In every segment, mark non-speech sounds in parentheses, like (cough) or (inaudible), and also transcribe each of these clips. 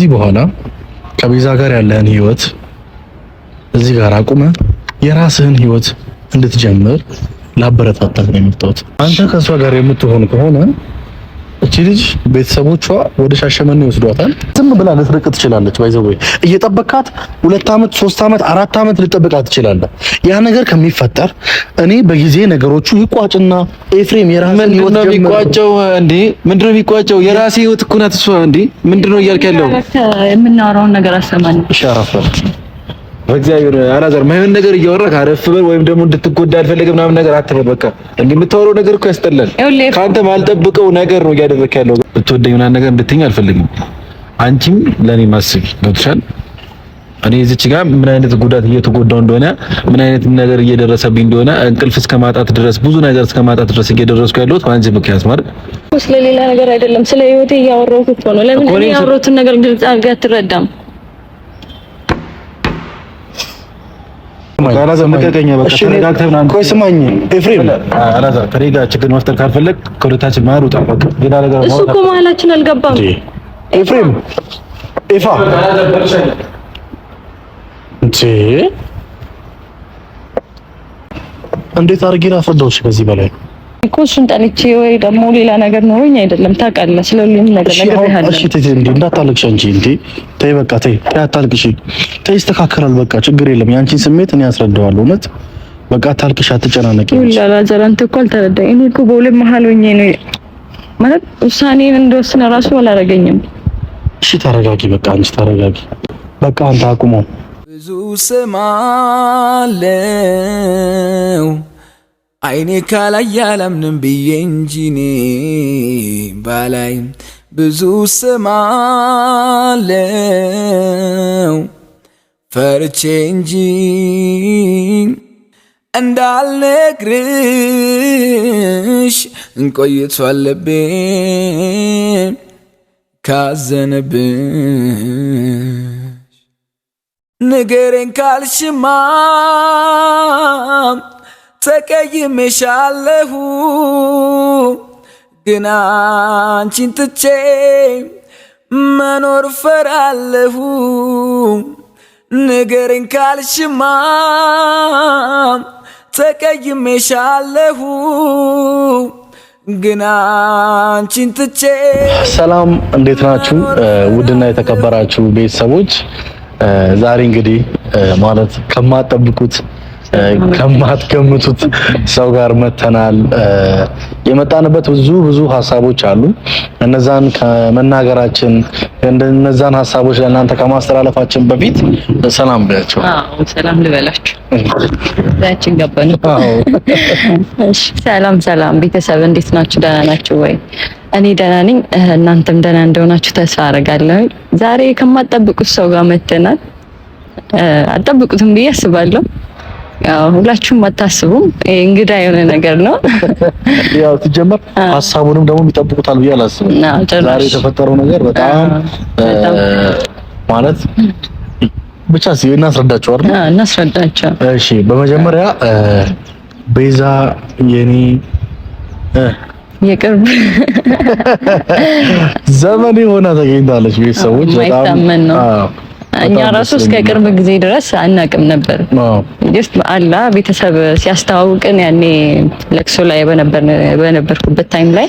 ከዚህ በኋላ ከቤዛ ጋር ያለህን ህይወት እዚህ ጋር አቁመ የራስህን ህይወት እንድትጀምር ላበረታታት ነው የመጣሁት። አንተ ከእሷ ጋር የምትሆን ከሆነ እቺ ልጅ ቤተሰቦቿ ወደ ሻሸመኔ ይወስዷታል። ዝም ብላ ልትርቅ ትችላለች። ባይዘው እየጠበካት ሁለት አመት ሶስት አመት አራት አመት ልጠብቃት ትችላለህ። ያ ነገር ከሚፈጠር እኔ በጊዜ ነገሮቹ ይቋጭና ኤፍሬም የራስን ህይወት ነው የሚቋጨው። እንዴ ምንድነው ነው የሚቋጨው? የራሴ ህይወት እኮ ናት እሷ። እንዴ ምንድን እያልክ ያለው? የምናወራውን ነገር አሰማኝ። እሺ አረፈ በእግዚአብሔር አላዛር ማይሆን ነገር እያወራህ አረፍ በል። ወይም ደግሞ እንድትጎዳ አልፈልግም ምናምን ነገር አትበል። በቃ እንዲህ የምታወራው ነገር እኮ ያስጠላል። ከአንተ ማልጠብቀው ነገር ነው እያደረክ ያለው። ብትወደኝ ምናምን ነገር እንድትይኝ አልፈልግም። አንቺም ለእኔ ማስብ ገብቶሻል። እኔ እዚች ጋር ምን አይነት ጉዳት እየተጎዳው እንደሆነ ምን አይነት ነገር እየደረሰብኝ እንደሆነ እንቅልፍ እስከ ማጣት ድረስ ብዙ ነገር እስከ ማጣት ድረስ እየደረስኩ ያለሁት አንቺ ምክንያት ማለት ስለሌላ ነገር አይደለም። ስለ ህይወቴ እያወራሁት እኮ ነው። ለምን እኔ ያወራሁትን ነገር ግልጽ አድርገህ አትረዳም? ችግር መፍጠር ካልፈለግ ከሁለታችን መሀል ውጣ። እሱ እኮ መሀላችን አልገባም። ኤፍሬም ኤፋ እንዴት አድርጌ ላስረዳው? ከዚህ በላይ እኮ እሱን ጠልቼ ወይ ደግሞ ሌላ ነገር ኖሮኝ አይደለም። ታውቃለህ፣ ስለሁሉም ነገር ነገር ያለው። እንዴ፣ እንዳታለቅሽ እንጂ እንዴ፣ ተይ በቃ ተይ፣ አታልቅሽ፣ ተይ፣ ይስተካከላል። በቃ ችግር የለም። ያንቺን ስሜት እኔ አስረዳዋለሁ። እውነት በቃ አታልቅሽ፣ አትጨናነቂ። ይላል አዘር፣ አንተ እኮ አልተረዳኝ። እኔ እኮ በሁለት መሀል ሆኜ ነው ማለት ውሳኔን እንደወስነ ራሱ አላረገኝም። እሺ ተረጋጊ፣ በቃ አንቺ ተረጋጊ። በቃ አንተ አቁመው ብዙ ስም አለው አይኔ ካላይ አላምንም ብዬ እንጂ እኔ ባላይ ብዙ ስም አለው ፈርቼ እንጂ እንዳልነግርሽ እንቆይቷል ልቤ ካዘንብሽ ንገሬን ካልሽማ ተቀይሜሻለሁ ግን አንቺን ትቼ መኖር ፈራለሁ። ንገረኝ ካልሽማ ተቀይሜሻለሁ ግን አንቺን ትቼ። ሰላም እንዴት ናችሁ? ውድና የተከበራችሁ ቤተሰቦች ዛሬ እንግዲህ ማለት ከማጠብቁት ከማትገምቱት ሰው ጋር መተናል። የመጣንበት ብዙ ብዙ ሀሳቦች አሉ። እነዛን ከመናገራችን እነዛን ሀሳቦች ለእናንተ ከማስተላለፋችን በፊት ሰላም ብያቸው። አዎ ሰላም ልበላችሁ። እዛችን ገባን። አዎ ሰላም ሰላም ቤተሰብ እንዴት ናችሁ? ደህና ናችሁ ወይ? እኔ ደህና ነኝ። እናንተም ደህና እንደሆናችሁ ተስፋ አደርጋለሁ። ዛሬ ከማጠብቁት ሰው ጋር መተናል። አጠብቁትም ብዬ አስባለሁ። ሁላችሁም አታስቡም። እንግዳ የሆነ ነገር ነው። (laughs) ያው ሲጀመር ሀሳቡንም ደግሞ ይጠብቁታል ብዬ አላስብም። ዛሬ የተፈጠረው ነገር በጣም ማለት ብቻ ሲል እናስረዳቸው አይደል? እናስረዳቸው። እሺ፣ በመጀመሪያ ቤዛ የኔ የቅርብ (laughs) ዘመን ሆና ተገኝታለች። ቤተሰቦች በጣም እኛ ራሱ እስከ ቅርብ ጊዜ ድረስ አናቅም ነበር። ጀስት አላ ቤተሰብ ሲያስተዋውቅን ያኔ ለቅሶ ላይ በነበርኩበት ታይም ላይ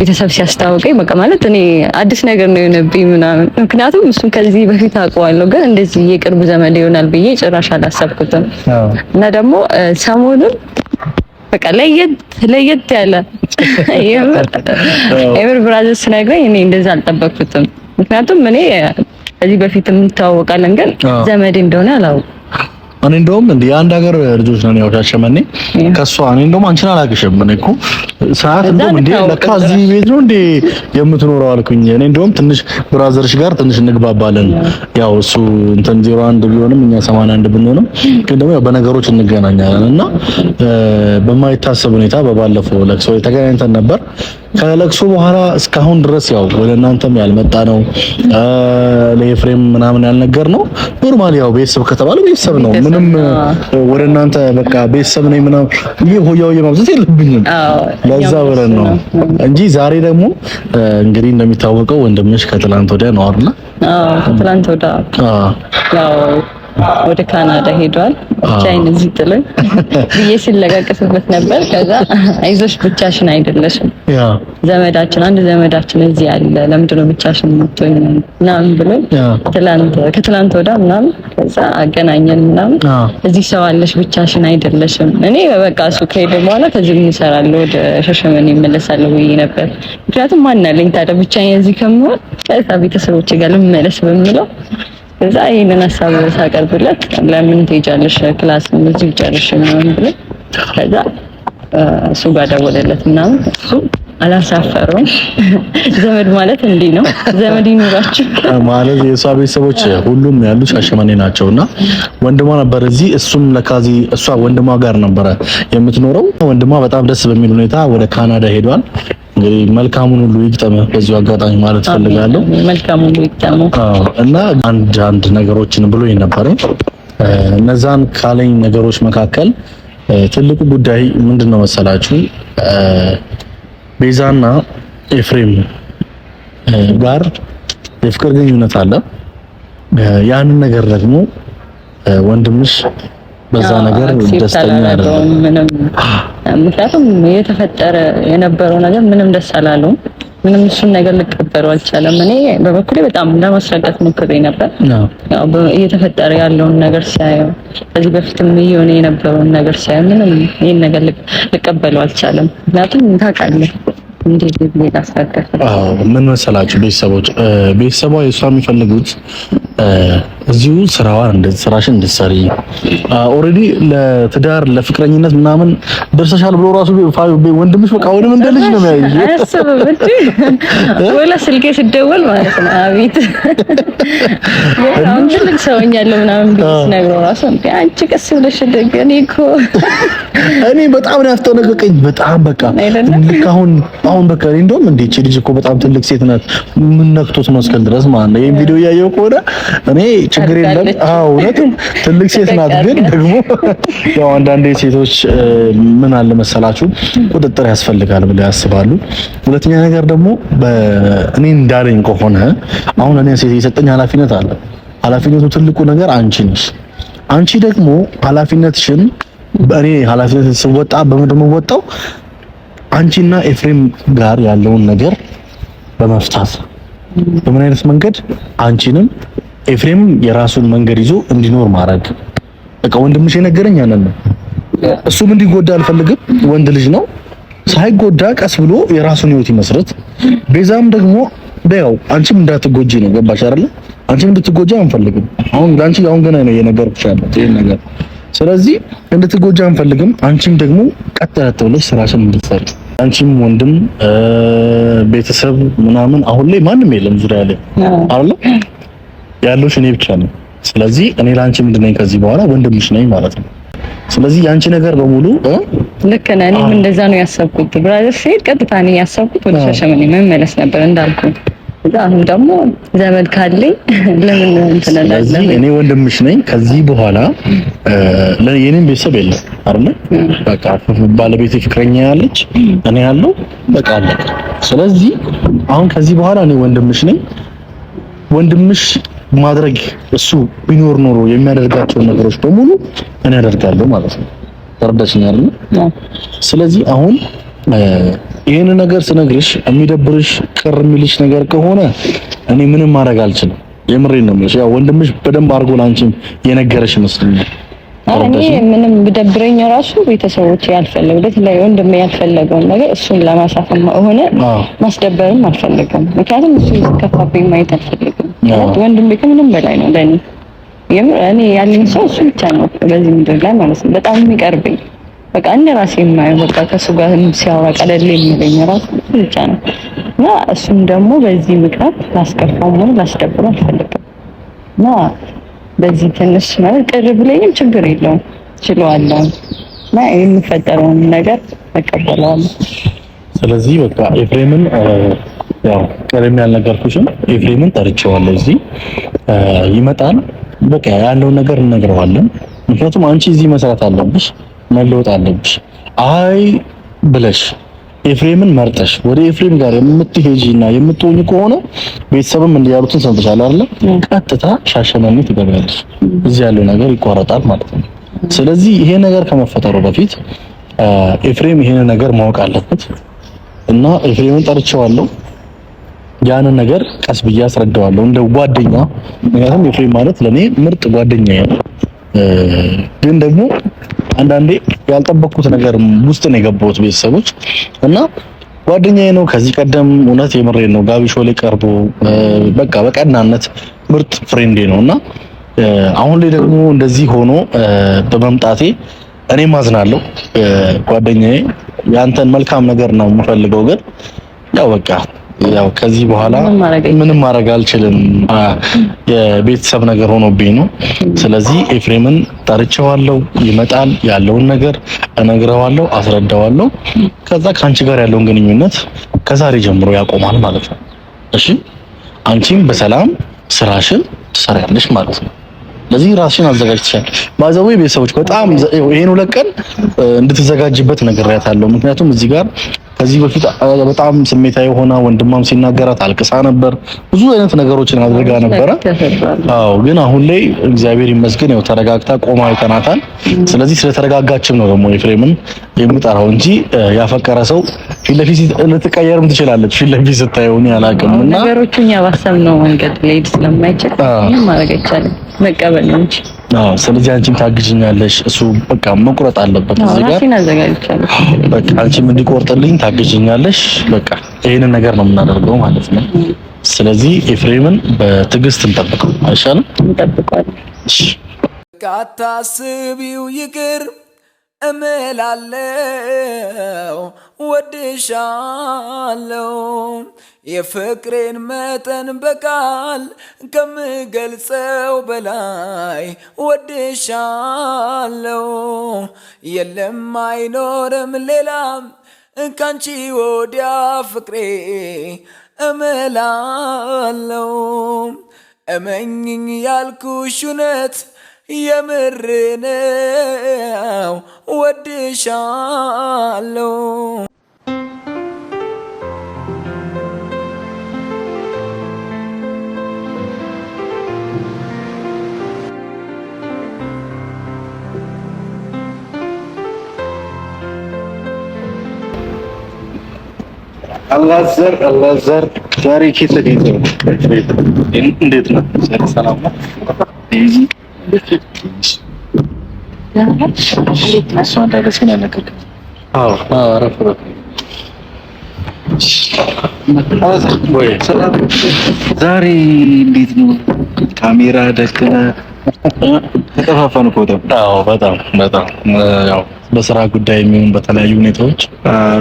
ቤተሰብ ሲያስተዋውቀኝ በቃ ማለት እኔ አዲስ ነገር ነው የሆነብኝ ምናምን። ምክንያቱም እሱም ከዚህ በፊት አውቀዋለሁ፣ ግን እንደዚህ የቅርብ ዘመድ ይሆናል ብዬ ጭራሽ አላሰብኩትም። እና ደግሞ ሰሞኑን በቃ ለየት ለየት ያለ (laughs) የምር ብራዘር ሲነግረኝ እኔ እንደዚ አልጠበቅኩትም። ምክንያቱም እኔ ከዚህ በፊት እንተዋወቃለን፣ ግን ዘመዴ እንደሆነ አላውቅም። እኔ እንደውም እንደ የአንድ ሀገር ልጆች ነን። ያው ሻሸመኔ ከሷ እኔ እንደውም አንቺን አላቅሽም። እኔ እኮ ሰዓት እንደውም እንደ ለካ እዚህ ቤት ነው እንደ የምትኖረው አልኩኝ። እኔ እንደውም ትንሽ ብራዘርሽ ጋር ትንሽ እንግባባለን። ያው እሱ እንትን 01 ቢሆንም እኛ 81 ብንሆንም ግን ደግሞ ያው በነገሮች እንገናኛለን እና በማይታሰብ ሁኔታ በባለፈው ለቅሶ ተገናኝተን ነበር ከለቅሶ በኋላ እስካሁን ድረስ ያው ወደ እናንተም ያልመጣ ነው ለኤፍሬም ምናምን ያልነገር ነው። ኖርማል ያው ቤተሰብ ከተባለ ቤተሰብ ነው። ምንም ወደ እናንተ በቃ ቤተሰብ ነኝ ምናምን ይሄ ሆያው የማብዛት የለብኝም ለዛ ብለን ነው እንጂ ዛሬ ደግሞ እንግዲህ እንደሚታወቀው ወንድምሽ ከትላንት ወዲያ ነው አይደል? አዎ ከትላንት ወዲያ አዎ ወደ ካናዳ ሄዷል። ብቻዬን እዚህ ጥሎኝ ብዬ ሲለቃቀስበት ነበር። ከዛ አይዞሽ ብቻሽን አይደለሽም ዘመዳችን አንድ ዘመዳችን እዚህ አለ ለምንድን ነው ብቻሽን የምትሆኝ ምናምን ብሎ ትላንት ከትላንት ወዳ ምናምን ከዛ አገናኘን ምናምን እዚህ ሰው አለሽ ብቻሽን አይደለሽም። እኔ በቃ እሱ ከሄደ በኋላ ከዚህ ምን እሰራለሁ ወደ ሸሸመኔ እመለሳለሁ ብዬ ነበር። ምክንያቱም ማን አለኝ ታዲያ ብቻዬን እዚህ ከምሆን ከዛ ቤተሰቦቼ ጋር ልመለስ በሚለው እዛ ይሄንን ሀሳብ ሳቀርብለት ለምን ትሄጃለሽ ክላስ እዚሁ ጨርሽ ምናምን ብሎ ከዛ እሱ ጋር ደወለለት ምናምን እሱ አላሳፈረውም። (laughs) ዘመድ ማለት እንዲህ ነው። ዘመድ ይኑራችሁ ማለት የእሷ ቤተሰቦች ሁሉም ያሉ ሻሸመኔ እና ወንድሟ ነበር እዚህ። እሱም ለካዚ እሷ ወንድሟ ጋር ነበረ የምትኖረው። ወንድሟ በጣም ደስ በሚል ሁኔታ ወደ ካናዳ ሄዷል። እንግዲህ መልካሙን ሁሉ ይግጠመ በዚሁ አጋጣሚ ማለት ፈልጋለሁ። መልካሙን እና አንድ አንድ ነገሮችን ብሎ ነበረ። እነዛን ካለኝ ነገሮች መካከል ትልቁ ጉዳይ ምንድን ነው መሰላችሁ ቤዛና ኤፍሬም ጋር የፍቅር ግንኙነት አለ። ያንን ነገር ደግሞ ወንድምሽ በዛ ነገር ደስተኛ አይደለም። ምንም ምክንያቱም የተፈጠረ የነበረው ነገር ምንም ደስ አላለውም። ምንም እሱን ነገር ልቀበለው አልቻለም። እኔ በበኩሌ በጣም ለማስረዳት ሞክሬ ነበር። እየተፈጠረ ያለውን ነገር ሲያየው ከዚህ በፊትም እየሆነ የነበረውን ነገር ሲያየው ምንም ይህን ነገር ልቀበለው አልቻለም። ምክንያቱም ታውቃለህ እንዴት ምን መሰላችሁ ቤተሰቦች ቤተሰቧ የእሷ የሚፈልጉት እዚሁ ስራዋን ስራሽን እንድትሰሪ ኦልሬዲ ለትዳር ለፍቅረኝነት ምናምን ደርሰሻል ብሎ ራሱ ወንድምሽ በቃ አሁንም እንደ ልጅ ነው ያይ ወላ ስልኬ ስደወል ማለት ነው አቤት አሁን ትልቅ ሰውኛለሁ ምናምን ቢስ ነግሮ ራሱ አንቺ ቀስ ብለሽ ደግኔ እኮ እኔ በጣም ናፍተው ነቀቀኝ። በጣም በቃ አሁን አሁን በቃ እኔ እንደውም እንዴ እቺ ልጅ እኮ በጣም ትልቅ ሴት ናት፣ ምን ነክቶት ነው እስከል ድረስ ማለት ነው። ይሄን ቪዲዮ እያየሁ ከሆነ እኔ ችግር የለም። አዎ እውነትም ትልቅ ሴት ናት። ግን ደግሞ ያው አንዳንዴ ሴቶች ምን አለ መሰላችሁ ቁጥጥር ያስፈልጋል ብለው ያስባሉ። ሁለተኛ ነገር ደግሞ እኔ እንዳለኝ ከሆነ አሁን እኔ ሴት የሰጠኝ ኃላፊነት አለ። ኃላፊነቱ ትልቁ ነገር አንቺ ነሽ። አንቺ ደግሞ ኃላፊነትሽን እኔ ኃላፊነት ስወጣ በምንድን ነው የምወጣው? አንቺና ኤፍሬም ጋር ያለውን ነገር በመፍታት በምን አይነት መንገድ አንቺንም ኤፍሬም የራሱን መንገድ ይዞ እንዲኖር ማድረግ። በቃ ወንድምሽ የነገረኝ ያንን ነው። እሱም እንዲጎዳ አልፈልግም። ወንድ ልጅ ነው። ሳይጎዳ ቀስ ብሎ የራሱን ህይወት ይመስረት። ቤዛም ደግሞ ያው አንቺም እንዳትጎጂ ነው። ገባሽ አይደለ? አንቺም እንድትጎጂ አንፈልግም። አሁን ለአንቺ አሁን ገና ነው የነገርኩሽ ያለው ይሄን ነገር ስለዚህ እንድትጎጃ አንፈልግም። አንቺም ደግሞ ቀጥ ለጥ ብለሽ ስራሽን እንድትሰሪ አንቺም ወንድም ቤተሰብ ምናምን አሁን ላይ ማንም የለም ዙሪያ ላይ አይደል ያለሽ እኔ ብቻ ነው። ስለዚህ እኔ ለአንቺ ምንድን ነኝ ከዚህ በኋላ ወንድምሽ ነኝ ማለት ነው። ስለዚህ ያንቺ ነገር በሙሉ ልክ ነህ። እኔም እንደዛ ነው ያሰብኩት። ብራዘር ሲሄድ ቀጥታ እኔ ያሰብኩት ወደ ሻሸመኔ መመለስ ነበር እንዳልኩ አሁን ደግሞ ዘመድ ካለኝ ለምን ስለዚህ እኔ ወንድምሽ ነኝ። ከዚህ በኋላ የኔም ቤተሰብ የለም አይደል? በቃ ባለቤቴ ፍቅረኛ ያለች እኔ ያለው በቃ አለ። ስለዚህ አሁን ከዚህ በኋላ እኔ ወንድምሽ ነኝ። ወንድምሽ ማድረግ እሱ ቢኖር ኖሮ የሚያደርጋቸውን ነገሮች በሙሉ እኔ አደርጋለሁ ማለት ነው። ተረዳሽኛል? ስለዚህ አሁን ይህን ነገር ስነግርሽ የሚደብርሽ ቅር የሚልሽ ነገር ከሆነ እኔ ምንም ማድረግ አልችልም። የምሬን ነው የምልሽ። ያው ወንድምሽ በደንብ አድርጎ ላንቺም የነገረሽ ይመስለኛል። እኔ ምንም ብደብረኝ ራሱ ቤተሰቦች ያልፈለጉ ላይ ወንድም ያልፈለገውን ነገር እሱን ለማሳፈን ሆነ ማስደበርም አልፈለገም። ምክንያቱም እሱ ከፋብኝ ማየት አልፈለግም። ወንድሜ ከምንም በላይ ነው ለእኔ። እኔ ያለኝ ሰው እሱ ብቻ ነው በዚህ ምድር ላይ ማለት ነው። በጣም የሚቀርብኝ በቃ እንደ ራሴ የማየው በቃ ከሱ ጋር ሲያወራ ቀለል የሚለኝ ራሱ ብቻ ነው እና እሱም ደግሞ በዚህ ምክንያት ላስከፋው ሆነ ላስደብረው አልፈልግም እና በዚህ ትንሽ ማለት ቅርብ ላይም ችግር የለውም ችለዋለሁ እና የሚፈጠረውን ነገር እቀበለዋለሁ። ስለዚህ በቃ ኤፍሬምን ያው ቀደም ያልነገርኩሽም ኤፍሬምን ጠርቼዋለሁ። እዚህ ይመጣል። በቃ ያለውን ነገር እንነግረዋለን። ምክንያቱም አንቺ እዚህ መስራት አለብሽ። መለወጥ አለብሽ። አይ ብለሽ ኤፍሬምን መርጠሽ ወደ ኤፍሬም ጋር የምትሄጂና የምትሆኝ ከሆነ ቤተሰብም እንዲያሉትን ሰምተሻል አይደለ? ቀጥታ ሻሸመኔ ትገቢያለሽ። እዚህ ያለው ነገር ይቋረጣል ማለት ነው። ስለዚህ ይሄ ነገር ከመፈጠሩ በፊት ኤፍሬም ይሄን ነገር ማወቅ አለበት እና ኤፍሬምን ጠርቼዋለሁ። ያንን ነገር ቀስ ብዬ አስረዳዋለሁ እንደ ጓደኛ። ምክንያቱም ኤፍሬም ማለት ለኔ ምርጥ ጓደኛ ነው። ግን ደግሞ አንዳንዴ ያልጠበቅኩት ነገር ውስጥ ነው የገባሁት ቤተሰቦች እና ጓደኛዬ ነው። ከዚህ ቀደም እውነት የምሬ ነው ጋቢ ላይ ቀርቦ በቃ በቀናነት ምርጥ ፍሬንዴ ነው እና አሁን ላይ ደግሞ እንደዚህ ሆኖ በመምጣቴ እኔም አዝናለሁ። ጓደኛዬ ያንተን መልካም ነገር ነው የምፈልገው ግን ያው በቃ ያው ከዚህ በኋላ ምንም ማድረግ አልችልም፣ የቤተሰብ ነገር ሆኖብኝ ነው። ስለዚህ ኤፍሬምን ጠርቼዋለሁ፣ ይመጣል፣ ያለውን ነገር እነግረዋለሁ፣ አስረዳዋለሁ። ከዛ ከአንቺ ጋር ያለውን ግንኙነት ከዛሬ ጀምሮ ያቆማል ማለት ነው። እሺ፣ አንቺም በሰላም ስራሽን ትሰሪያለሽ ማለት ነው። ለዚህ ራስሽን አዘጋጅተሻል። ባዘው ቤተሰቦች በጣም ይሄን ሁለት ቀን እንድትዘጋጅበት ያታለው ምክንያቱም እዚህ ጋር ከዚህ በፊት በጣም ስሜታዊ ሆና ወንድማም ሲናገራት አልቅሳ ነበር። ብዙ አይነት ነገሮችን አድርጋ ነበረ። አዎ፣ ግን አሁን ላይ እግዚአብሔር ይመስገን ያው ተረጋግታ ቆማ አይተናታል። ስለዚህ ስለተረጋጋችም ነው ደግሞ ኤፍሬምን የምጠራው እንጂ ያፈቀረ ሰው ፊት ለፊት ልትቀየርም ትችላለች። ፊት ለፊት ስታየውን ያላቅም እና ነገሮቹን ያባሰብነው መንገድ ሊሄድ ስለማይችል ምንም ማድረግ አይቻልም፣ መቀበል ነው እንጂ ስለዚህ አንቺም ታግዥኛለሽ። እሱ በቃ መቁረጥ አለበት እዚህ ጋር በቃ አንቺም እንዲቆርጥልኝ ታግዥኛለሽ። በቃ ይሄንን ነገር ነው የምናደርገው ማለት ነው። ስለዚህ ኤፍሬምን በትዕግስት እንጠብቀው አይሻልም? እንጠብቀዋለን። እሺ በቃ ይቅር እምላለው ወድሻለው የፍቅሬን መጠን በቃል ከምገልጸው በላይ ወድሻለው። የለም አይኖርም ሌላም ካንቺ ወዲያ ፍቅሬ እምላለው እመኝኝ ያልኩሽ እውነት የምርነው ነው ወድሻለው። አላዘር አላዘር ዛሬ ኬት ተገኝተው እንዴት ነው? ሰላም ነው። ዛሬ እንዴት ነው? ካሜራ ደቅነ ተጠፋፋን እኮ በጣም በጣም በጣም ያው በስራ ጉዳይ የሚሆን በተለያዩ ሁኔታዎች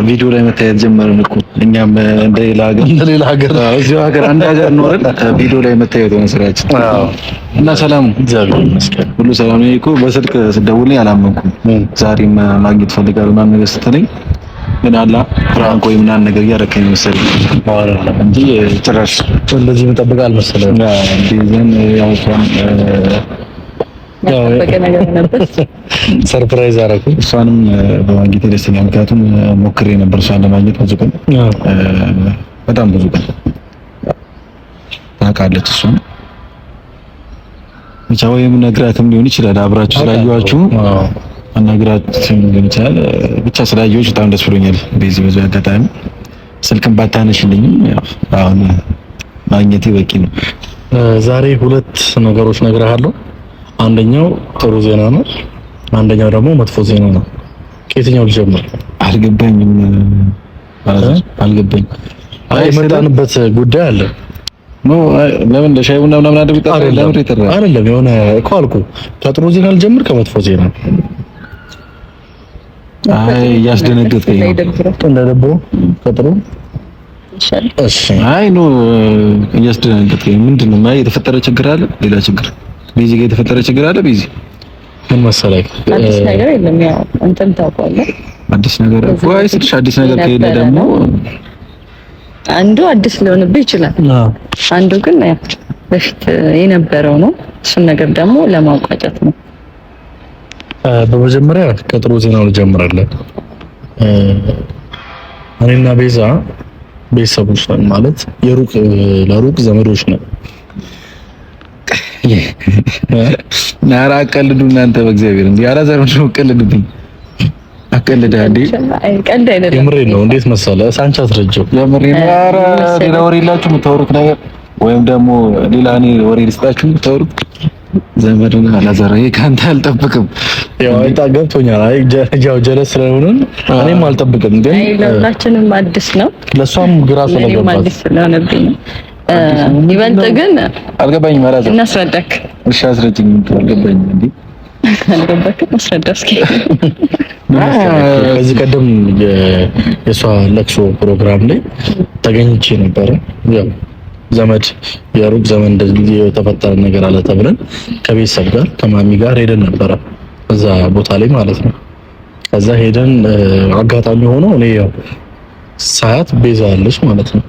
ቪዲዮ ላይ መታየት ጀመርን እኮ እኛም እንደሌላ ሀገር እንደሌላ ሀገር እዚሁ ሀገር አንድ ሀገር ኖረን ቪዲዮ ላይ መታየት ሆነ ስራችን እና ሰላም እግዚአብሔር ይመስገን ሁሉ ሰላም ነው እኮ በስልክ ስደውልኝ አላመንኩም ዛሬም ማግኘት ፈልጋለሁ ምናምን ነገር ስትለኝ ምን አላ ፍራንኮ ምናምን ነገር እያደረከኝ መሰለኝ እንጂ ጭራሽ እንደዚህ መጠበቅ ዘን ያው ነበር። (laughs) ሰርፕራይዝ አረኩ። እሷንም በማግኘት ደስተኛ ምክንያቱም ሞክሬ ነበር እሷን ለማግኘት ብዙ ቀን በጣም ብዙ ቀን ታውቃለች። እሷን ብቻ ወይም ነግራትም ሊሆን ይችላል አብራችሁ ስላየኋችሁ አናግራትም ሊሆን ይችላል ብቻ ስላየሁሽ በጣም ደስ ብሎኛል። በዚህ በዚህ አጋጣሚ ስልክም ባታነሽልኝም አሁን ማግኘቴ በቂ ነው። ዛሬ ሁለት ነገሮች ነግርሃለሁ። አንደኛው ጥሩ ዜና ነው፣ አንደኛው ደግሞ መጥፎ ዜና ነው። ከየትኛው ልጀምር? አልገባኝም አልገባኝም። አይ የመጣንበት ጉዳይ አለ። ኖ ለምን ለሻይ ቡና ምናምን አድርግ ለምን ይጥራ አይደለም። የሆነ እኮ አልኩ ከጥሩ ዜና ልጀምር ከመጥፎ ዜና። አይ እያስደነገጠኝ እንደደቦ ከጥሩ እሺ። አይ ኖ እያስደነገጠኝ ምንድነው ነው የተፈጠረ ችግር አለ ሌላ ችግር ቢዚ ጋር የተፈጠረ ችግር አለ። ቢዚ ምን መሰለህ፣ አዲስ ነገር የለም። ያው እንትን ታውቀዋለህ፣ አዲስ ነገር አዲስ ነገር ደግሞ አንዱ አዲስ ሊሆንብህ ይችላል። አንዱ ግን በፊት የነበረው ነው። እሱን ነገር ደግሞ ለማውቃጨት ነው። በመጀመሪያ ከጥሩ ዜናው እንጀምራለን። እኔና ቤዛ ቤተሰቦች ነን ማለት የሩቅ ለሩቅ ዘመዶች ነን። ኧረ አቀልዱ እናንተ በእግዚአብሔር እንዴ! አላዛር ምንድን ነው ቀልድብኝ? አቀልዳ እንዴ! ቀልድ አይደለም። የምሬን ነው። እንዴት መሰለ ሳንቺ አስረጀው። የምሬን ነው። ኧረ ሌላ ወሬ የላችሁ የምታወሩት ነገር ወይም ደግሞ ሌላ እኔ ወሬ ልስጣችሁ የምታወሩት ዘመድን አላዛር ይሄ ከአንተ አልጠብቅም። ያው አይታ ገብቶኛል። አይ ጃው ጀለስ ስለሆነን እኔም አልጠብቅም፣ ግን ለሁላችንም አዲስ ነው። ለሷም ግራ ስለገባት አዲስ ስለሆነብኝ ይበልጥ ግን አልገባኝም። አላዛ እናስረዳክ። እሺ አስረጅኝ። እንዴ ከዚህ ቀደም የእሷ ለቅሶ ፕሮግራም ላይ ተገኝቼ ነበረ። ያው ዘመድ የሩቅ ዘመን የተፈጠረ ነገር አለ ተብለን ከቤተሰብ ጋር ከማሚ ጋር ሄደን ነበረ እዛ ቦታ ላይ ማለት ነው። ከዛ ሄደን አጋጣሚ ሆኖ እኔ ያው ሳያት ቤዛ አለች ማለት ነው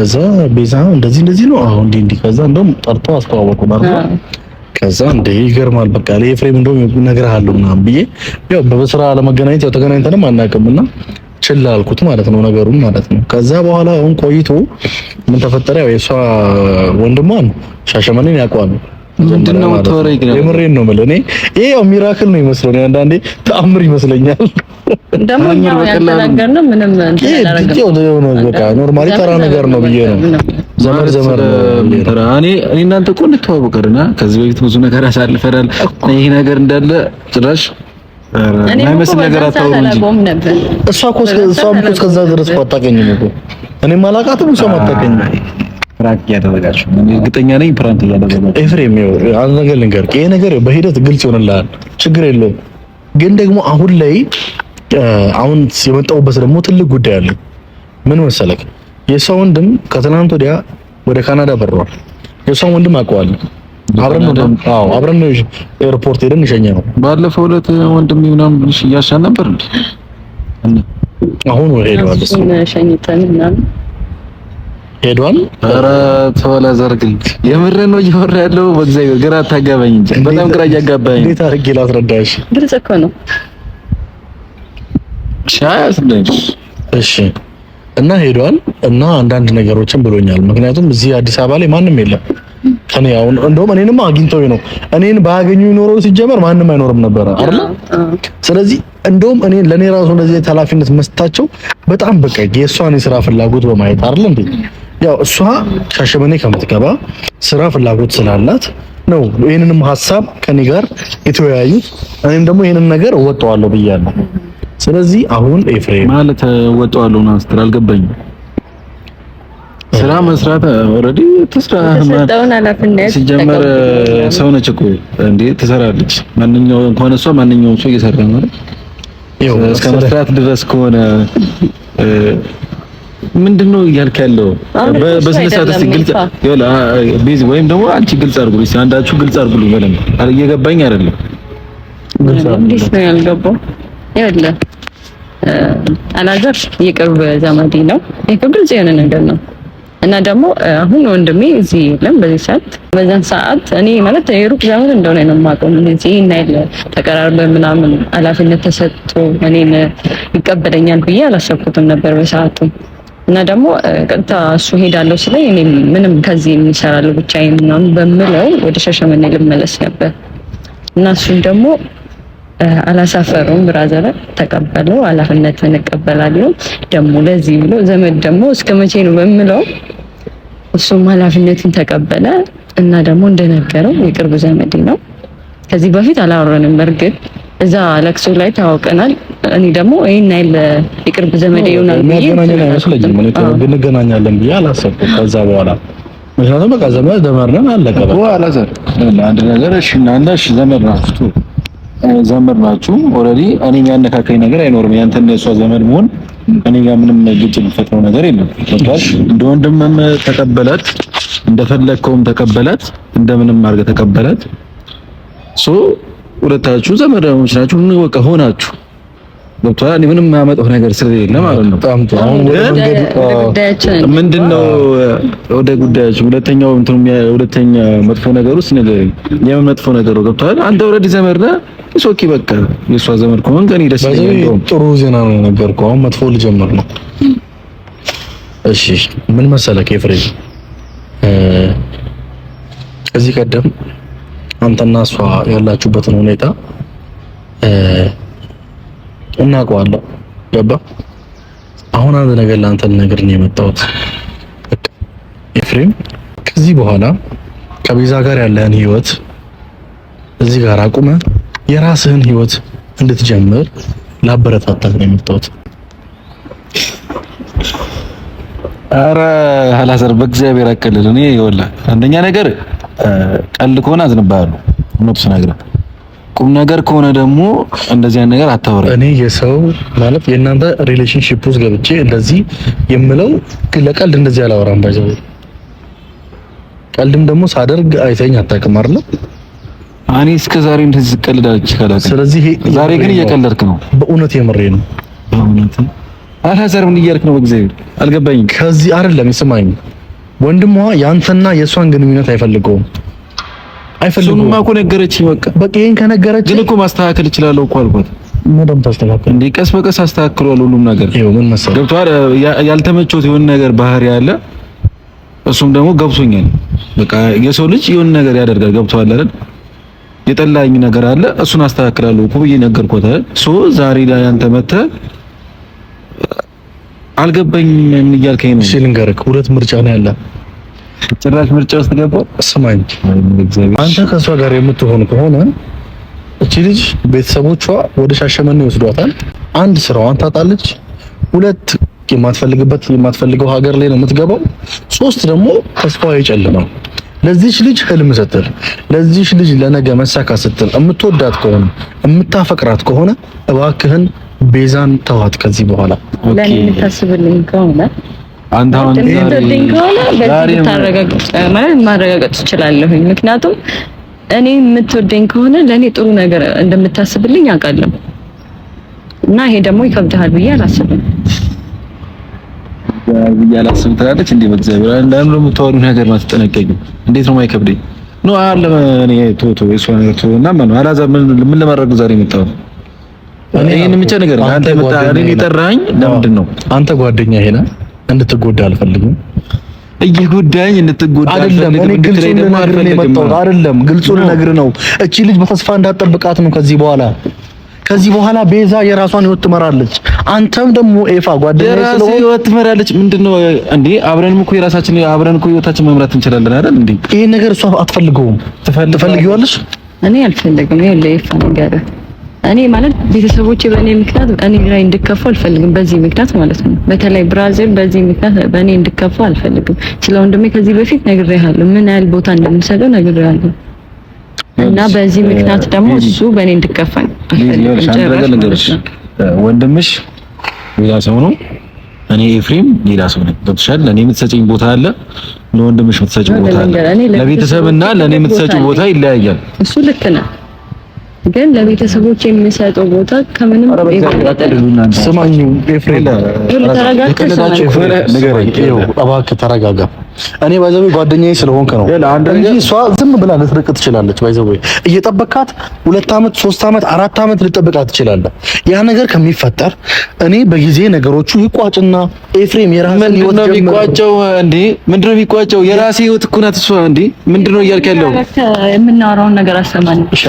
ከዛ ቤዛ እንደዚህ እንደዚህ ነው አሁን እንዲህ እንዲህ ከዛ እንደውም ጠርቶ አስተዋወቁ ማለት ነው። ከዛ እንደ ይገርማል በቃ ለኤፍሬም እንደውም እነግርሃለሁ ምናምን ብዬ ያው በስራ ለመገናኘት ያው ተገናኝተንም አናውቅምና ችላ አልኩት ማለት ነው ነገሩን ማለት ነው። ከዛ በኋላ አሁን ቆይቶ ምን ተፈጠረ? ያው የሷ ወንድሟን ሻሸመኔን ያውቀዋል ምንድነው ተወረይ ግን የምሬን ነው ማለት እኔ ይሄ ያው ሚራክል ነው ይመስለው ነው። አንዳንዴ ተአምር ይመስለኛል። ደግሞ ያው ያልተናገርነው ምንም በቃ ኖርማሊ ተራ ነገር ነው ብዬ ነው ዘመር ዘመር ተራ እኔ እኔ እናንተ እኮ እንተዋወቅና ከዚህ በፊት ብዙ ነገር አሳልፈናል። ይሄ ነገር እንዳለ ጭራሽ ማይመስል ነገር አታወሩም እንጂ እሷ እኮ እሷም እኮ እስከዛ ድረስ እኮ አታውቀኝም እኮ እኔም አላውቃትም እሷም አታውቀኝም ፕራንክ እያደረጋችሁ እርግጠኛ ነኝ። ፕራንክ እያደረጋችሁ ኤፍሬም፣ አንድ ነገር ልንገርህ፣ ይሄ ነገር በሂደት ግልጽ ይሆንልሃል፣ ችግር የለውም። ግን ደግሞ አሁን ላይ አሁን የመጣሁበት ደግሞ ትልቅ ጉዳይ አለ። ምን መሰለክ፣ የሰው ወንድም ከትናንት ወዲያ ወደ ካናዳ በረዋል። የሰው ወንድም አውቀዋለሁ። አብረን ነው ኤርፖርት ሄደን እሸኘ ነው። ባለፈው ዕለት ወንድም ምናምን ብልሽ ነበር እንዴ? አሁን ወደ ሄደዋል እሱ ሸኝተን ምናምን ሄዷል። ኧረ ተወላ ዘርግልት የምር ነው እያወራ ያለው። በእግዚአብሔር ግራ አታጋባኝ እንጂ በጣም ግራ እያጋባኝ። እንዴት አድርጌ ላስረዳሽ? ግልጽ እኮ ነው። እሺ እና ሄዷል እና አንዳንድ ነገሮችን ብሎኛል። ምክንያቱም እዚህ አዲስ አበባ ላይ ማንም የለም እኔ አሁን እንደውም እኔንም አግኝተው ነው። እኔን ባያገኙ ኖሮ ሲጀመር ማንም አይኖርም ነበረ አይደል? ስለዚህ እንደውም እኔ ለኔ ራሱ እንደዚህ ኃላፊነት መስታቸው በጣም በቃ የእሷን የስራ ፍላጎት በማየት አይደል እንዴ ያው እሷ ሻሸመኔ ከምትገባ ስራ ፍላጎት ስላላት ነው ይህንንም ሀሳብ ከኔ ጋር የተወያዩት። እኔም ደግሞ ይህንን ነገር እወጣዋለሁ ብያለሁ። ስለዚህ አሁን ኤፍሬም ማለት እወጣዋለሁ ነው ስትል አልገባኝም። ስራ መስራት ኦልሬዲ ትስራ ሲጀመር ሰው ነች እኮ እንዴ ትሰራለች። ማንኛው እንኳን እሷ ማንኛውም ሰው እየሰራ ነው። እስከ መስራት ድረስ ከሆነ ምንድን ነው እያልክ ያለው? በስነ ስርዓት እስቲ ግልጽ ቤዛ ወይም ደግሞ አንቺ ግልጽ አድርጉልኝ፣ እስቲ አንዳችሁ ግልጽ አድርጉልኝ። በደምብ እየገባኝ አይደለም። እንዴት ነው ያልገባው? ይኸውልህ አላዛር የቅርብ ዘመዴ ነው። ይሄ ግልጽ የሆነ ነገር ነው እና ደግሞ አሁን ወንድሜ እዚህ የለም በዚህ ሰዓት። በዛን ሰዓት እኔ ማለት የሩቅ ዘመድ እንደሆነ ነው የማውቀው። እዚህ እና ተቀራርበን ምናምን ኃላፊነት ተሰጥቶ እኔን ይቀበለኛል ብዬ አላሰብኩትም ነበር በሰዓቱ እና ደግሞ ቀጥታ እሱ ሄዳለሁ ስለ እኔ ምንም ከዚህ የሚሰራለሁ ብቻዬን ምናምን በምለው ወደ ሻሸመኔ ልመለስ ነበር እና እሱም ደግሞ አላሳፈረውም። ብራዘር ተቀበለው፣ አላፍነት እንቀበላለሁ ደግሞ ለዚህ ብሎ ዘመድ ደግሞ እስከ መቼ ነው በምለው እሱም ኃላፊነትን ተቀበለ እና ደግሞ እንደነገረው የቅርብ ዘመዴ ነው። ከዚህ በፊት አላወረንም በእርግጥ እዛ ለቅሶ ላይ ታወቀናል። እኔ ደግሞ ይሄን አይል የቅርብ ዘመዴ ይሆናል ብዬ እንገናኛለን ብዬ አላሰብኩም። ከዛ በኋላ ምክንያቱም በቃ ዘመድ ዘመድ ነን አለቀ። አንድ ነገር እሺ፣ እናንተ እሺ ዘመድ ናችሁ ዘመድ ናችሁ። ኦልሬዲ እኔ የሚያነካከኝ ነገር አይኖርም። ያንተ ያንተና የሷ ዘመድ መሆን እኔ ጋር ምንም ግጭት የሚፈጥረው ነገር የለም። ወጣሽ እንደ ወንድምም ተቀበላት፣ እንደፈለግከውም ተቀበላት፣ እንደምንም አድርገህ ተቀበላት ሶ ሁለታችሁ ዘመዳሞች ናችሁ። ምን በቃ ሆናችሁ ገብቷል። እኔ ምንም የማመጣው ነገር ስለሌለ ማለት ነው። ምንድን ነው ወደ ጉዳያችን፣ ሁለተኛው እንትኑ ሁለተኛ መጥፎ ነገር ውስጥ ነው የምን መጥፎ ነገር ነው? ገብቷል። አንተ ኦልሬዲ ዘመድ ነህ። ሶኪ በቃ የእሷ ዘመድ ከሆንክ እኔ ደስ ይለኛል። ጥሩ ዜና ነው ነገርኩህ። አሁን መጥፎ ልጀምር ነው። እሺ ምን መሰለህ ኤፍሬም፣ እዚህ ቀደም አንተና እሷ ያላችሁበትን ሁኔታ እናውቀዋለን። ገባ? አሁን አንድ ነገር ለአንተ ልነግርህ ነው የመጣሁት ኤፍሬም። ከዚህ በኋላ ከቤዛ ጋር ያለህን ህይወት እዚህ ጋር አቁመ የራስህን ህይወት እንድትጀምር ላበረታታህ ነው የመጣሁት። አረ ሀላሰር በእግዚአብሔር አቀልል። እኔ ይኸውልህ አንደኛ ነገር ቀልድ ከሆነ አዝንብሃለሁ፣ እውነቱ ስነግርህ። ቁም ነገር ከሆነ ደግሞ እንደዚህ አይነት ነገር አታወራም። እኔ የሰው ማለት የእናንተ ሪሌሽንሺፕ ውስጥ ገብቼ እንደዚህ የምለው ለቀልድ እንደዚህ አላወራም። ባይዘው ቀልድም ደግሞ ሳደርግ አይተኝ አታውቅም አይደል? እኔ እስከ ዛሬ እንደዚህ ቀልድ አልችልም። ስለዚህ ዛሬ ግን እየቀለድክ ነው። በእውነት የምሬ ነው። በእውነት አልሀዘር ምን እያልክ ነው? በእግዚአብሔር አልገባኝም። ከዚህ አይደለም ይስማኝ ወንድሟ ያንተና የእሷን ግንኙነት አይፈልገውም አይፈልገውም። እሱማ እኮ ነገረችኝ። በቃ በቃ ይሄን ከነገረች ግን እኮ ማስተካከል እችላለሁ እኮ አልኳት። ምንም ታስተካከል እንዴ? ቀስ በቀስ አስተካክሏል ሁሉም ነገር። ይሄው ምን መሰለህ ገብቷል። ያልተመቾት የሆነ ነገር ባህሪ አለ። እሱም ደግሞ ገብቶኛል። በቃ የሰው ልጅ የሆነ ነገር ያደርጋል። ገብቷል አይደል? የጠላኝ ነገር አለ። እሱን አስተካክላለሁ እኮ ብዬ ነገርኳት። ሶ ዛሬ ላይ አንተ መተህ አልገባኝም። ምን እያልከኝ ነው? እሺ ልንገርህ፣ ሁለት ምርጫ ነው ያለ። ጭራሽ ምርጫ ውስጥ ገባሁ። ስማኝ፣ አንተ ከእሷ ጋር የምትሆን ከሆነ እቺ ልጅ ቤተሰቦቿ ወደ ሻሸመኔ ይወስዷታል። አንድ ስራዋን ታጣለች። ሁለት የማትፈልግበት የማትፈልገው ሀገር ላይ ነው የምትገባው። ሶስት ደግሞ ተስፋዋ ይጨልማል። ለዚች ልጅ ህልም ስትል ለዚች ልጅ ለነገ መሳካ ስትል የምትወዳት ከሆነ የምታፈቅራት ከሆነ እባክህን ቤዛን ተዋት። ከዚህ በኋላ ለኔ ከሆነ አንተ ከሆነ በዚህ ማረጋገጥ ምክንያቱም እኔ የምትወደኝ ከሆነ ለኔ ጥሩ ነገር እንደምታስብልኝ አውቃለሁ እና ይሄ ደግሞ ይከብድሃል ብዬ አላስብም ብዬ ትላለች። እንዴ በእግዚአብሔር ለምን ነው ነገር ማትጠነቀቂው? እንዴት ነው የማይከብደኝ? ኖ አለ እኔ ቶቶ የእሷ ነገር ቶቶ እና ምን አላዛ ምን ለማድረግ ዛሬ የመጣሁት ይሄን ብቻ ነገር አንተ መጣሪን የጠራኸኝ ለምንድን ነው? አንተ ጓደኛ ሄና እንድትጎዳ አልፈልግም። እየጎዳኝ እንድትጎዳ አይደለም። እኔ ግልጹን ልነግርህ ነው የመጣሁት አይደለም። ግልጹን ልነግርህ ነው። እቺ ልጅ በተስፋ እንዳጠብቃት ነው። ከዚህ በኋላ ከዚህ በኋላ ቤዛ የራሷን ህይወት ትመራለች። አንተም ደግሞ ኤፋ ጓደኛ ስለሆነ የራሷን ህይወት ትመራለች። ምንድነው እንዴ? አብረንም እኮ የራሳችን አብረን እኮ ህይወታችን መምራት እንችላለን አይደል እንዴ? ይሄን ነገር እሷ አትፈልገውም። ትፈልጊዋለሽ? እኔ አልፈልግም። ይሄ ለኤፋ ነገር እኔ ማለት ቤተሰቦቼ በእኔ ምክንያት እኔ ላይ እንድከፉ አልፈልግም። በዚህ ምክንያት ማለት ነው። በተለይ ብራዚል በዚህ ምክንያት በእኔ እንድከፉ አልፈልግም። ስለ ወንድሜ ከዚህ በፊት ነግሬሃለሁ፣ ምን ያህል ቦታ እንደምሰጠው ነግሬሃለሁ። እና በዚህ ምክንያት ደግሞ እሱ በእኔ እንድከፋ አልፈልግም። ወንድምሽ ሌላ ሰው ነው፣ እኔ ኤፍሬም ሌላ ሰው ነኝ። ገብቶሻል? ለእኔ የምትሰጪኝ ቦታ አለ ለወንድምሽ የምትሰጪው ቦታ አለ። ለቤተሰብና ለእኔ የምትሰጪው ቦታ ይለያያል። እሱ ልክ ነው። ግን ለቤተሰቦች የሚሰጠው ቦታ ከምንም ስማኝ፣ ኤፍሬም ተረጋጋ፣ እባክህ ተረጋጋ። እኔ ባይዘዌ ጓደኛዬ ስለሆንክ ነው እንጂ እሷ ዝም ብላ ልትርቅ ትችላለች። ባይዘዌ እየጠበካት ሁለት ዓመት ሶስት ዓመት አራት ዓመት ልጠበቃት ትችላለህ። ያ ነገር ከሚፈጠር እኔ በጊዜ ነገሮቹ ይቋጭና ኤፍሬም የራስን ህይወት ነው የሚቋጨው። እንዴ ምንድነው የሚቋጨው? የራሴ ህይወት እኮ ናት እሷ። እንዴ ምንድነው እያልክ ያለው? የምናወራውን ነገር አሰማኝ። እሺ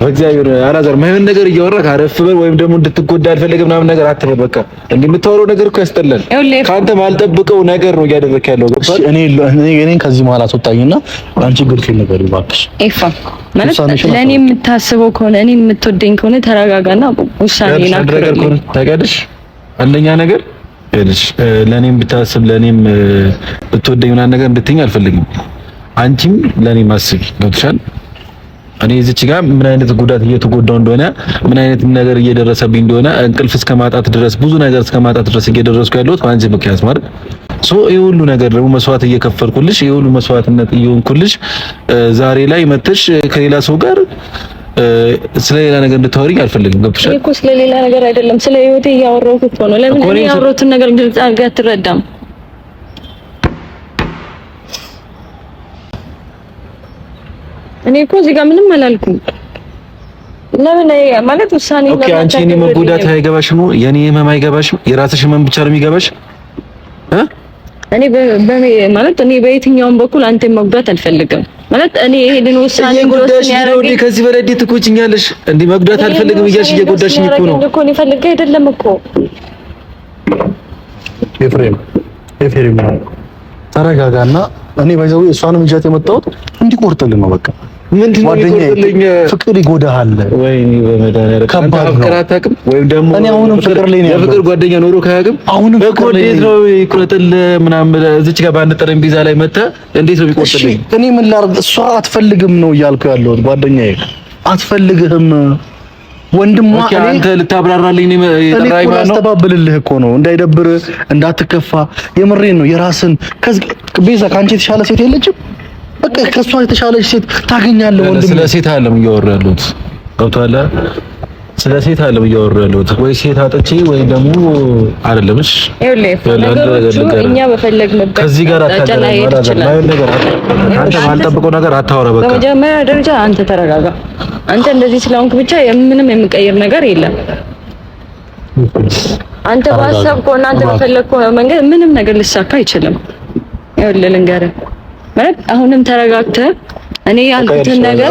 በእግዚአብሔር አላዛር ማይሆን ነገር እያወራህ አረፍ በል፣ ወይም ደግሞ እንድትጎዳ አልፈለግም ምናምን ነገር አትበል። በቃ እንዴ የምታወራው ነገር እኮ ያስጠላል። ከአንተ ማልጠብቀው ነገር ነው እያደረክ ያለው። እሺ እኔ እኔ ከዚህ በኋላ አስወጣኝና አንቺ ግልጽ ነገር ይባክሽ ኤፋ ማለት ለኔ የምታስበው ከሆነ እኔ የምትወደኝ ከሆነ ተረጋጋና ውሳኔ ነገር ከሆነ ታውቂያለሽ፣ አንደኛ ነገር እሺ ለእኔም ብታስብ ለእኔም ብትወደኝ ምናምን ነገር እንድትይኝ አልፈልግም። አንቺም ለእኔም አስቢ ገብቶሻል። እኔ እዚች ጋር ምን አይነት ጉዳት እየተጎዳው እንደሆነ ምን አይነት ነገር እየደረሰብኝ እንደሆነ እንቅልፍ እስከ ማጣት ድረስ ብዙ ነገር እስከ ማጣት ድረስ እየደረስኩ ያለሁት በአንቺ ምክንያት ማለት ሶ ይሄ ሁሉ ነገር ደግሞ መስዋዕት እየከፈልኩልሽ ይሄ ሁሉ መስዋዕትነት እየሆንኩልሽ ዛሬ ላይ መተሽ ከሌላ ሰው ጋር ስለሌላ ነገር እንድታወሪኝ አልፈልግም። ገብቶሻል እኮ ስለሌላ ነገር አይደለም ስለ ህይወቴ እያወራሁት እኮ ነው። ለምን እኔ ያወራሁትን ነገር ግልጽ አድርገህ አትረዳም? እኔ እኮ እዚህ ጋር ምንም አላልኩም። ለምን አይ ማለት ውሳኔ ነው። ኦኬ። አንቺ የኔ መጎዳት አይገባሽም፣ የኔ ህመም አይገባሽም። የራስሽ ህመም ብቻ ነው የሚገባሽ። እኔ በእኔ ማለት እኔ በየትኛውም በኩል አንተ መጉዳት አልፈልግም። ማለት እኔ ይሄንን ውሳኔ ጉዳሽ ነው። ከዚህ በላይ እንዴት ትጎጂኛለሽ? እንዲህ መጉዳት አልፈልግም እያልሽ እየጎዳሽኝ እኮ ነው እኮ እኔ ፈልጌ አይደለም እኮ ኤፍሬም፣ ኤፍሬም ተረጋጋና እኔ ባይዘው እሷንም ይዣት የመጣሁት እንዲቆርጥልን ነው በቃ ጓደኛዬ ፍቅር ይጎዳሃል። ከባድ ነው። እኔ አሁንም ፍቅር ላይ ነው ያለው። ጓደኛ ኖሮ ካያውቅም አሁንም ፍቅር ላይ ነው። ይቁረጥልህ ምናምን እዚች ጋር በአንድ ጠረጴዛ ላይ መተህ እንዴት ነው የሚቆርጥልኝ? እኔ ምን ላድርግ? እሷ አትፈልግም ነው እያልኩ ያለሁት። ጓደኛዬ አትፈልግህም ወንድሟ አንተ ልታብራራልኝ ነው የጠራኸኝ ማለት ነው። አስተባብልልህ እኮ ነው እንዳይደብር እንዳትከፋ። የምሬን ነው። የራስን ከዚህ ቤዛ ከአንቺ የተሻለ ሴት የለችም። በቃ ከእሷ የተሻለች ሴት ታገኛለህ ወንድሜ። ስለ ሴት አለም እያወራሁ ያለሁት ገብቶሃል። ስለ ሴት አለም እያወራሁ ያለሁት ወይ ሴት አጥቼ ወይ ደግሞ አይደለም። እሺ ከዚህ ጋር አልጠብቀው ነገር አታወራ። በቃ በመጀመሪያ ደረጃ አንተ ተረጋጋ። አንተ እንደዚህ ስለሆንክ ብቻ ምንም የምቀይር ነገር የለም። አንተ ባሰብከው እና አንተ በፈለግከው መንገድ ምንም ነገር ልሳካ አይችልም። ይኸውልህ ልንገርህ ማለት አሁንም ተረጋግተ እኔ ያልኩትን ነገር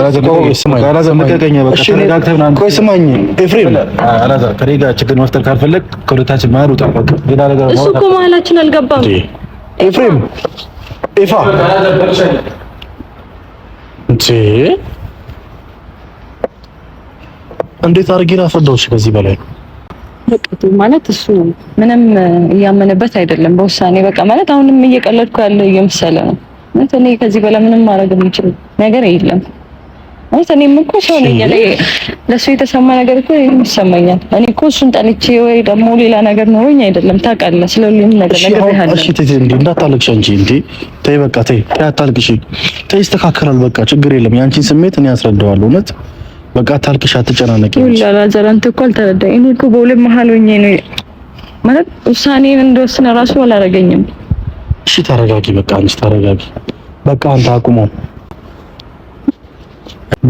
ቆይ ስማኝ ኤፍሬም፣ አላዛር ከእኔ ጋር ችግር መፍጠር ካልፈለግ ከሁለታችን መሀል ውጣ። እሱ እኮ መሀላችን አልገባም። ኤፍሬም ኤፋ እንዴት አድርጌ ላፈለውሽ ከዚህ በላይ ማለት እሱ ምንም እያመነበት አይደለም በውሳኔ በቃ ማለት አሁንም እየቀለድኩ ያለ እየመሰለ ነው ማለት እኔ ከዚህ በላይ ምንም ማድረግ የሚችል ነገር የለም። ማለት እኔም እኮ ሰው ነኝ። እኔ ለሱ የተሰማ ነገር እኮ ይሰማኛል። እኔ እኮ እሱን ጠልቼ ወይ ደግሞ ሌላ ነገር ኖሮኝ አይደለም። ታውቃለህ፣ ስለሁሉም ነገር ነገር ያለ እሺ፣ ትይ እንዴ እንዳታለቅሽ እንጂ እንዴ፣ ተይ በቃ ተይ፣ ተይ አታልቅሽ፣ ተይ፣ ይስተካከላል። በቃ ችግር የለም። ያንቺን ስሜት እኔ አስረዳዋለሁ። እውነት በቃ አታልቅሽ፣ አትጨናነቂ። ሁላ ዘራን እኮ አልተረዳኝ። እኔ እኮ በሁለት መሀል ሆኜ ነው ማለት ውሳኔን እንደወስነ ራሱ አላደረገኝም። እሺ ተረጋጊ፣ በቃ አንቺ ተረጋጊ። በቃ አንተ አቁመው።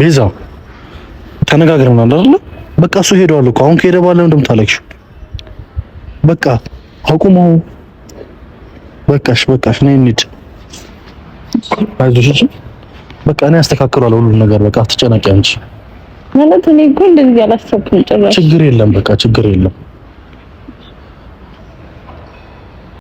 ቤዛ ተነጋግረናል አይደል? በቃ እሱ ሄደዋል እኮ አሁን ከሄደ በኋላ እንደምታለቅሽው በቃ አቁመው። በቃሽ፣ በቃሽ፣ ነይ እንሂድ። አይዞሽ፣ በቃ እኔ አስተካክላለሁ ሁሉን ነገር። በቃ አትጨነቂ አንቺ ማለት እኔ እኮ እንደዚህ አላሰብኩም ጭራሽ። ችግር የለም በቃ ችግር የለም።